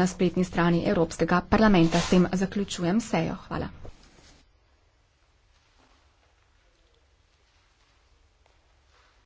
na spletni strani Evropskega parlamenta. S tem zaključujem sejo. Hvala.